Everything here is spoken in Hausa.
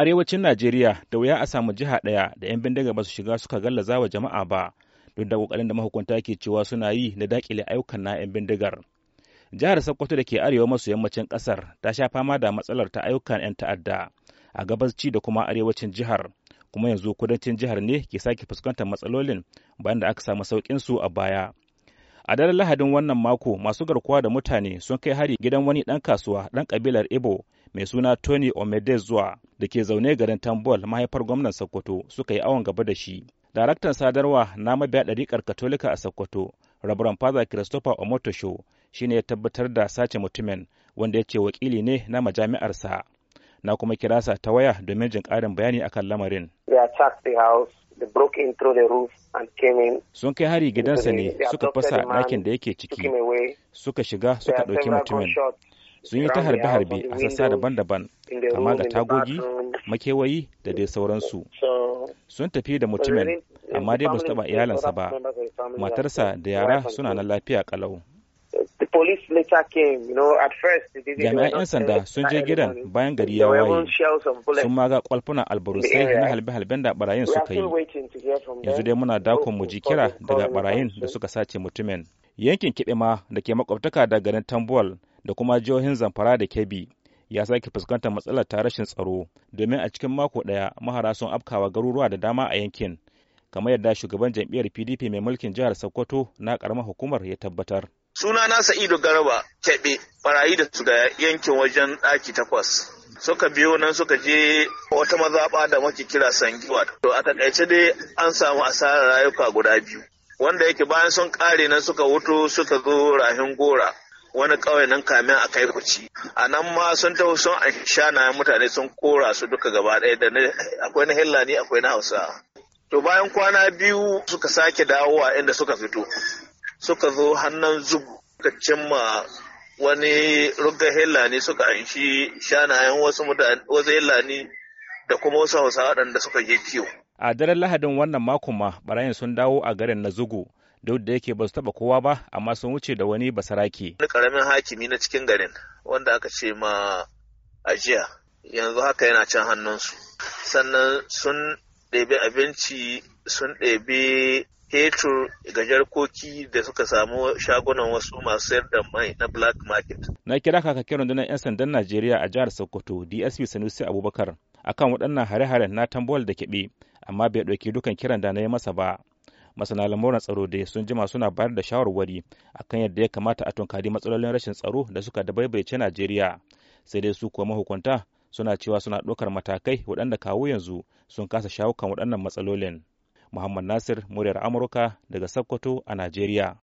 arewacin Najeriya da wuya a samu jiha ɗaya da 'yan bindiga ba su shiga suka gallaza wa jama'a ba duk da kokarin da mahukunta ke cewa suna yi na dakile ayyukan na 'yan bindigar. Jihar Sokoto da ke arewa maso yammacin ƙasar ta sha fama da matsalar ta ayyukan 'yan ta'adda a gabasci da kuma arewacin jihar kuma yanzu kudancin jihar ne ke sake fuskantar matsalolin bayan da aka samu saukin su a baya. A daren Lahadin wannan mako masu garkuwa da mutane sun kai hari gidan wani ɗan kasuwa ɗan ƙabilar Ibo mai suna Tony Omedezuwa da ke zaune garin Tambol mahaifar gwamnan Sokoto suka yi awon gaba da shi. Daraktan sadarwa na mabiya ɗariƙar Katolika a Sokoto, Rabaran Father Christopher Omotosho shi ne ya tabbatar da sace mutumin wanda ya ce wakili ne na majami'arsa. Na kuma kirasa ta waya domin jin ƙarin bayani akan lamarin. Sun kai hari gidansa ne suka fasa ɗakin da yake ciki, suka shiga suka ɗauki mutumin. sun yi ta harbe-harbe a sassa daban-daban kama ga tagogi makewayi da dai sauransu sun tafi da mutumin amma dai ba su taba iyalansa ba matarsa da yara suna na lafiya kalau jami'an 'yan sanda sun je gidan bayan gari ya waye sun maga kwalfunan albarusai na halbe-halben da barayin suka yi yanzu dai muna dakon mu kira daga barayin da suka sace mutumin yankin kiɗima da ke makwabtaka da garin tambuwal da kuma jihohin zamfara da kebbi ya sake fuskantar matsalar ta rashin tsaro domin a cikin mako ɗaya mahara sun afkawa garuruwa da dama a yankin kamar yadda shugaban jam'iyyar pdp mai mulkin jihar sokoto na karamar hukumar ya tabbatar suna na sa'idu garba keɓe barayi da su da yankin wajen ɗaki takwas suka biyo nan suka je wata mazaɓa da muke kira sangiwa to a takaice dai an samu asarar rayuka guda biyu wanda yake bayan sun kare nan suka wuto suka zo rahin gora wani ƙauye nan kamin a kai kuci a nan ma sun taho sun an shana mutane sun kora su duka gaba ɗaya da akwai na hillani akwai na hausa to bayan kwana biyu suka sake dawowa inda suka fito suka zo hannun zubu suka cimma wani rugga hillani suka anshi shanayen wasu mutane wasu hillani da kuma wasu hausa waɗanda suka je kiwo a daren lahadin wannan makon ma barayin sun dawo a garin na zugu duk da yake ba su taba kowa ba amma sun wuce da wani basarake wani karamin hakimi na cikin garin wanda aka ce ma ajiya yanzu haka yana can hannunsu sannan sun ɗebe abinci sun ɗebe fetur ga jarkoki da suka samu shagunan wasu masu sayar da mai na black market. Na kira kakakin rundunar 'yan sandan Najeriya a jihar Sokoto DSP Sanusi Abubakar akan waɗannan hare-haren na tambol da keɓe amma bai ɗauki dukan kiran da na yi masa ba. masana lamuran tsaro dai sun jima suna bayar da shawarwari akan yadda ya kamata a tunkari matsalolin rashin tsaro da suka dabaibaice najeriya sai dai su kuwa mahukunta suna cewa suna ɗaukar matakai waɗanda kawo yanzu sun kasa shawo kan waɗannan matsalolin muhammad nasir muryar amurka daga sokoto a najeriya